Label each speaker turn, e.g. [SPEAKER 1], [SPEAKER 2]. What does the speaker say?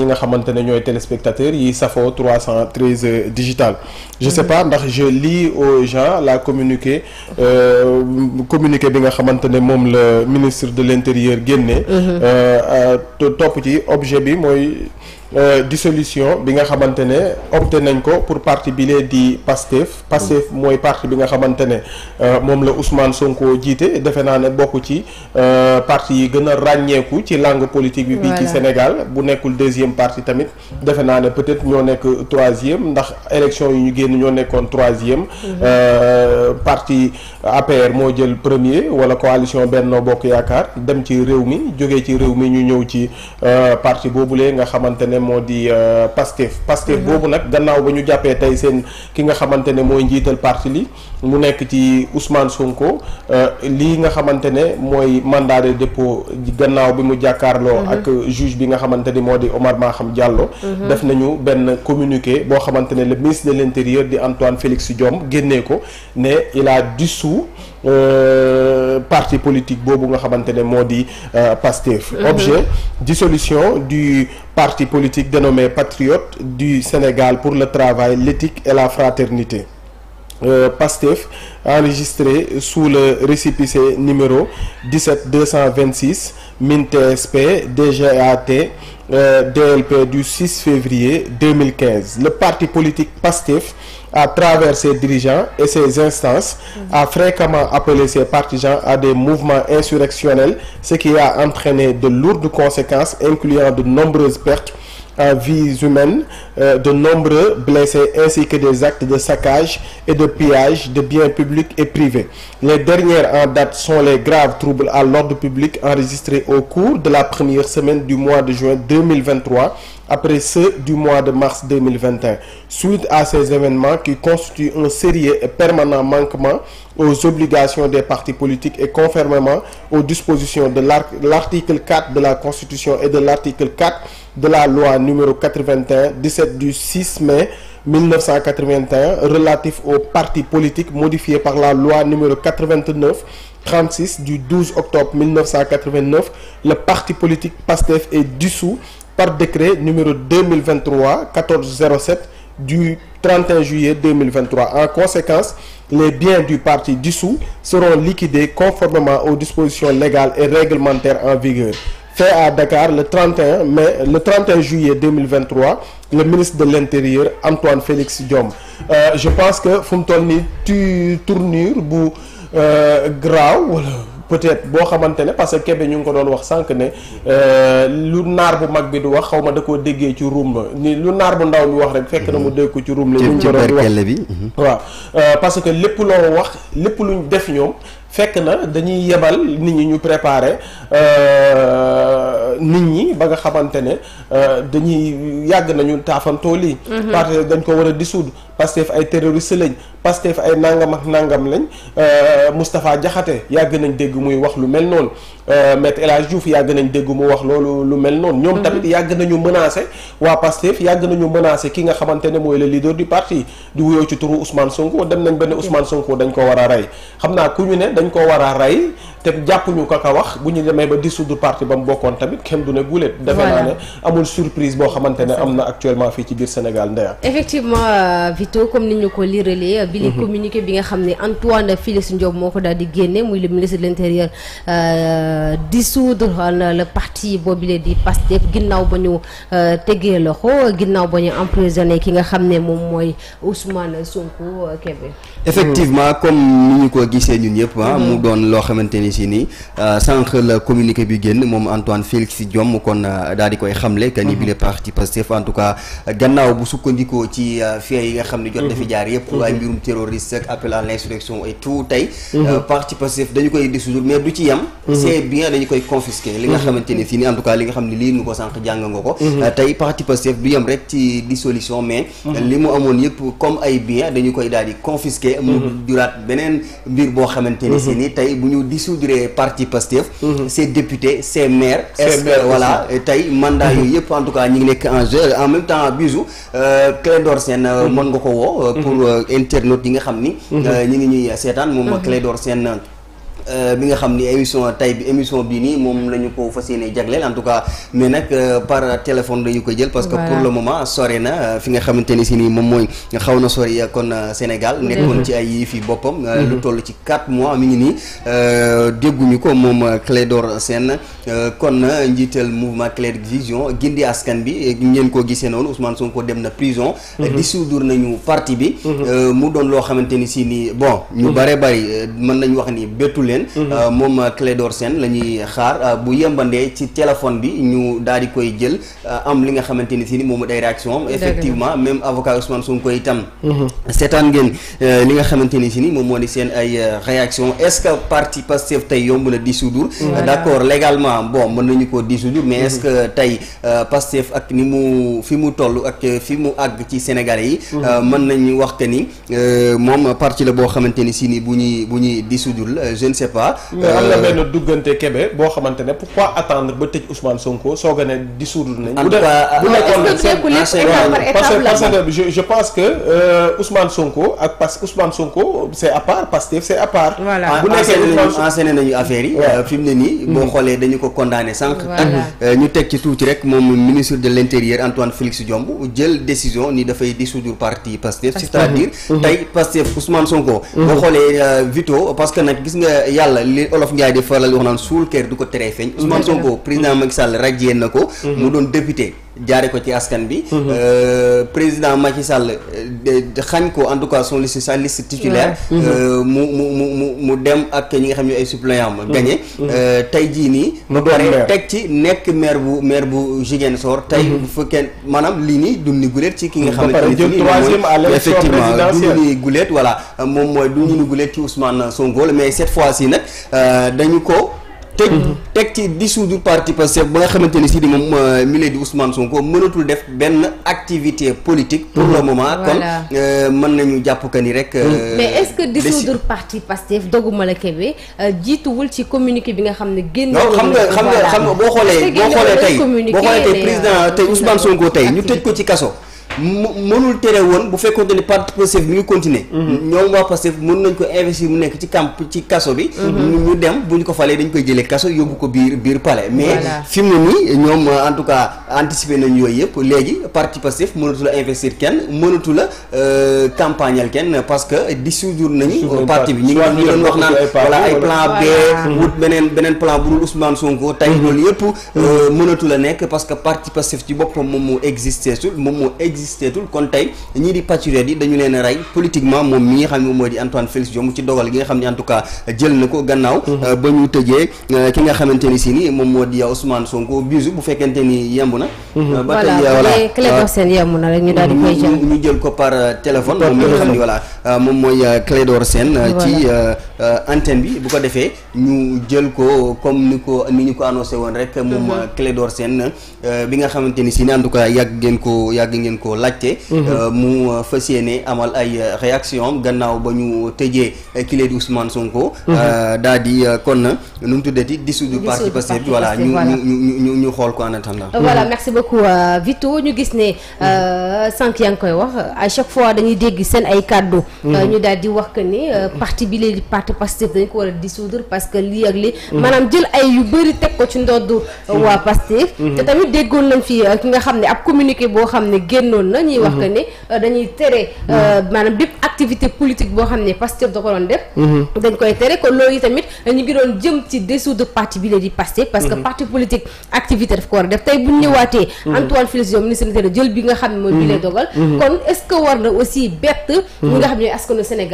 [SPEAKER 1] ñi nga xamante ne ñooy téléspectateurs yi safoo 313 digital je sais pas ndax je lis au gens la communiqué euh, communiqué bi nga xamante ne moom la ministre de l'intérieur génne mhm. euh, topp ci objet bi mooy Euh, dissolution bi nga xamante ne opté nañ ko pour parti bi lee di PASTEF PASTEF mm. mooy parti bi nga xamante ne euh, moom la Ousmane Sonko jiite defe naa ne bokk ci euh, parti yi gën a ràññeeku ci langue politique bi ci Sénégal bu nekkul deuxième parti tamit defe naa ne peut-être ñoo nekk troisième ndax élection yu ñu génn ñoo nekkoon troisième mm-hmm. parti APR moo jël premier wala coalition benn Bokk Yaakaar dem ci réew mi jógee ci réew mi ñu ñëw ci parti boobulee nga moo di euh, Pastef Pastef mhm. boobu nag gannaaw ba ñu jàppee tey seen ki nga xamante ne mooy njiital parti li mu nekk ci Ousmane Sonko euh, lii nga xamante ne mooy mandat de dépôt gannaaw bi mu jàkkaarloo mhm. ak juge bi nga xamante ni moo di Omar xam Diallo mhm. def nañu benn communiqué boo xamante ne le ministre de l'intérieur di Antoine Félix Diome génnee ko ne il a euh, parti politique boobu nga xamante ne moo di euh, Pastef mm-hmm. objet dissolution du parti politique dénommé Patriote du Sénégal pour le travail l'éthique et la fraternité Euh, PASTEF enregistré sous le récépissé numéro 17 226 MINTSP DGAT euh, DLP du 6 février 2015 le parti politique PASTEF à travers ses dirigeants et ses instances, a mm-hmm. fréquemment appelé ses partisans à des mouvements insurrectionnels, ce qui a entraîné de lourdes de nombreuses pertes en vies humaines, euh, de nombreux blessés ainsi que des actes de saccage et de pillage de biens publics et privés. Les dernières en date sont les graves troubles à l'ordre public au cours de la première semaine du mois de juin 2023 après ceux du mois de mars 2021 suite à ces événements qui constituent un sérieux et permanent manquement aux obligations des partis politiques et conformément aux dispositions de l'article 4 de la Constitution et de l'article 4 de la loi numéro 81 17 du 6 mai 1981 relatif aux partis politiques modifié par la loi numéro 89 36 du 12 octobre 1989 le parti politique PASTEF est dissous par décret numéro 2023 1407 du 31 juillet 2023. En conséquence, les biens du parti dissous seront liquidés conformément aux dispositions légales et réglementaires en vigueur. à Dakar le 31 mai, le 31 juillet 2023, le ministre de l'Intérieur Antoine Félix Diome. Euh, je pense que fu mu toll nii tu tournure bu euh, graaw wala. peut-être boo xamante ne parce que Kébé ñu ngi ko doon wax sànq ne euh, lu naar bu mag bi du wax xaw ma da koo déggee ci ruum la ni lu naar bu ndaw bi wax rek fekk na mu mm-hmm. dégg ko ci ruum la ñu ko doon wax
[SPEAKER 2] mm-hmm.
[SPEAKER 1] waaw euh, parce que lépp loo wax lépp lu luñ def ñoom fekk na dañuy yebal nit ñi ñu préparer euh, nit ñi ba nga xamante ne euh, dañuy yàgg nañu taafantoo lii. Mhm. parce que dañ ko war a dissoudre Pastef ay terroriste lañ Pastef ay nangam ak nangam lañ euh, Moustapha Diakhaté yàgg nañ dégg muy wax lu mel noonu Maître El Hadj Diouf yàgg nañ dégg mu wax loolu lu mel noonu. ñoom mhm. tamit yàgg nañu menacer waa Pastef yàgg nañu menacer ki nga xamante ne mooy le leader du parti di wuyoo ci turu Ousmane Sonko dem nañ ba ne Ousmane dañ ko war a rey xam naa ku ñu ne. dañ ko war a rey te jàppuñu ko ka wax bu ñu demee ba dissoudre parti ba mu bokkoon tamit kenn du ne guléet defe naa ne amul surprise boo xamante ne am na actuellement fii ci biir Sénégal ndeya
[SPEAKER 3] effectivement euh, Vito comme ni ñu ko liralee euh, bi li mhm. communiqué bi nga xam ne Antoine Félix Diome moo ko daal di génne muy le ministre de l'intérieur euh, dissoudre le parti boobile di Pastef ginnaaw ba ñu tegee loxo ginnaaw ba ñu emprisonné ki nga xam ne moom mooy Ousmane Sonko Kébé
[SPEAKER 2] effectivement comme ni ñu ko gisee ñun ñëpp ah mm-hmm. mu doon loo xamante ni si nii euh, sànq la communiqué bi génn moom Antoine Félix Diome kon euh, daal di koy xamle que ni mm-hmm. bi le parti Pastef en euh, xam ne jot dafi mm-hmm. jaar yëpp ay mbirum terroriste ak appel à l'insurrection dañu koy ci koy confisquer li li nga xam ne lii nu ko sànq jàng nga ko tey parti Pastef du dissolution mais li mu amoon yëpp comme ay bien dañu koy daal di confisquer divisé mu mm-hmm. juraat beneen mbir boo xamante ni si mm-hmm. ni tey bu ñu dissoudre parti Pastef mm-hmm. ces députés maire maires est voilà euh, tey mandat yooyu yëpp en tout cas ñu ngi nekk en jeu en même temps Bijou euh, Clédor Sène euh, mën nga ko woo pour internautes yi nga xam ni ñu ngi ñuy seetaan moom Clédor Sène mi euh, nga xam ni émission tay bi émission bii nii moom la ñu ko fas yéene jagleel en tout cas mais nag euh, par téléphone la ko jël parce que pour le moment sore na euh, fi nga xamante ni si nii moom mooy xaw na sori kon Sénégal nekkoon ci njiital mouvement Clair Vision gindi askan bi ngeen ko gisee noonu Ousmane Sonko dem na prison mmh. dissoudre nañu parti bi mmh. mu doon loo xamante ni si nii bon ñu mmh. bare bari mën nañu wax ni bettul leen mhm. euh, moom euh, Clédor Sène la ñuy xaar euh, bu yembandee ci téléphone bi ñu daal di koy jël am li nga xamante ni si ni moom day réaction am effectivement même avocat Ousmane Sonko itam mhm. seetaan ngeen li nga xamante ni si ni moom moo di seen ay réaction est parti Pastef tey yomb na dissoudre d'accord légalement bon mën nañu ko dissoudre mais est mhm. tey Pastef ak ni mu fi mu toll ak fi mu àgg ci Sénégalais yi mën nañu wax ni moom parti la boo xamante si ni bu ñuy bu ñuy dissoudre sais pas. am na euh, benn
[SPEAKER 1] duggante Kébé boo xamante ne pourquoi attendre ba tëj Ousmane Sonko soog a ne je pense que euh, Ousmane Sonko ak parce que Ousmane Sonko c' à part Pastef c' est à part. voilà bu
[SPEAKER 2] nañu affaire yi. Euh, fi mu ne nii. boo hmm. xoolee dañu ko condamné sànq. ñu teg ci tuuti rek moom ministre de l' intérieur Antoine Félix Diome jël décision ni dafay dissoudre parti Pastef. c' est à dire hmm. hmm. tey Pastef Ousmane Sonko. boo xoolee Vito parce que nag gis nga. yàlla li olof Ndiaye di faral di suul kër du ko teree feeñ mm-hmm. Ousmane Sonko président Macky rajee na ko mm-hmm. mu doon député jaare ko ci askan bi. Mhm. Euh, président Macky Sall euh, xañ ko en tout cas son liste sa liste titulaire. Mhm. Euh, mu mu mu mu dem ak ñi nga xam ne ay suppléants ma gagné. Mhm. tey jii nii. mu doon teg ci nekk maire bu maire bu jigéen Ziguinchor. tey bu fekkee maanaam lii nii duñu guleet ci ki nga. xamante ne nii mooy effectivement duñu guleet voilà moom mooy duñu guleet ci Ousmane Sonko mais cette fois ci nag dañu ko. teg mhm. teg ci dissoudre parti Pastef ba nga xamante ni si di moom euh, milieu di Ousmane Sonko mënatul def benn activité politique. pour le mhm. moment kon euh, mën nañu jàpp que nii rek. Mhm. Euh, mais est-ce que dissoudre
[SPEAKER 3] parti Pastef doguma la Kébé jiituwul ci communiqué bi nga xam ne. génn xam nga xam nga xam nga boo xoolee. boo xoolee tey boo xoolee tey président
[SPEAKER 2] tey Ousmane Sonko tey ñu tëj ko ci kaso. mënul tere woon bu fekkoonte ni parti Pastef bi ñu continuer mhm. ñoom waa Pastef mën nañ ko investir mu nekk ci camp ci kaso bi mhm. ñu dem bu ñu ko falee dañ koy jëlee kaso yóbbu ko biir biir palais mais fi mu nii ñoom euh, en tout cas anticiper nañ yooyu yëpp léegi parti Pastef mënatu la investir kenn mënatu la euh, campagnal kenn parce que dissoudre nañu euh, parti bi ñu ngi ñu doon wax naan voilà ay plan B wut mhm. beneen beneen plan bu dul Ousmane Sonko tey loolu yëpp mënatu la nekk parce que parti Pastef ci boppam moom moo existe sul moom moo existé existeetul kon tey ñii di patriotes yi dañu leen rey politiquement moom mi nga xam ne moo di Antoine Félix Diome ci dogal gi nga xam ne en tout cas jël na mhm. euh, euh, si ni moom moo di Ousmane Sonko bisu bu fekkente ni yemb na
[SPEAKER 3] mhm. euh, ñu daal di koy
[SPEAKER 2] jël ko par téléphone moom mooy Clédor Sène ci antenne bi bu ko defee ñu jël ko comme ni ko ni ñu ko annoncé woon rek mhm. moom Clédor Sène bi nga xamante ni si ni en yàgg ngeen ko yàgg ngeen ko ko laajte. Mhm. Euh, mu euh, fas yéene amal ay euh, réaction am gannaaw ba ñu tëjee kile di Ousmane Sonko. Mhm. daa di kon nu mu tuddati dissoudre parti Pastef voilà ñu ñu ñu ñu xool ko en attendant. voilà
[SPEAKER 3] merci beaucoup Vito ñu gis ne mhm. sànq yaa ngi koy wax à chaque fois dañuy dégg seen ay kàddu. ñu daal di wax que ni parti bi léegi parti Pastef dañ ko war a dissoudre parce que lii ak lii. maanaam jël ay yu bëri teg ko ci ndoddu waa Pastef. te tamit déggoon nañ fi ki nga xam ne ab communiqué boo xam génnoon na ñuy wax mhm. que ne euh, dañuy tere euh, mhm. maanaam bépp activité politique boo xam ne Pastef da ko doon def mhm. dañ koy tere kon loolu yi ñu ngi doon jëm ci dessous de parti bi di Pastef parti politique activité daf ko war a def tey buñ ñëwaatee Antoine Félix Diome ministre de l'Intérieur jël bi nga xam ne dogal kon est-ce que war na aussi bett ñi nga xam ne askanu Sénégal